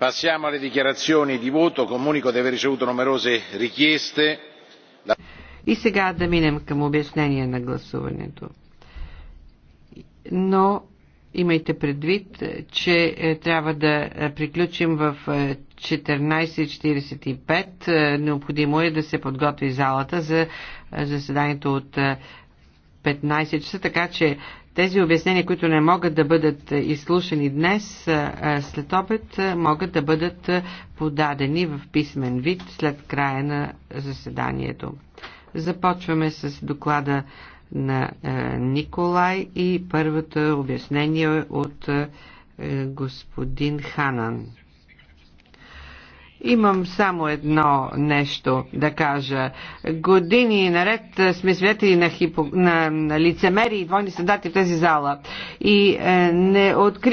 passiamo alle dichiarazioni di voto. comunico di aver ricevuto numerose richieste. И сега да минем към обяснение на гласуването. Но имайте предвид, че е, трябва да приключим в 14.45. Е, е, необходимо е да се подготви залата за заседанието от 15 часа, така че тези обяснения, които не могат да бъдат изслушани днес след обед, могат да бъдат подадени в писмен вид след края на заседанието. Започваме с доклада на Николай и първото обяснение от господин Ханан. Имам само едно нещо да кажа. Години наред сме свидетели на, хипо... на лицемери и двойни стандарти в тази зала. И е, не открих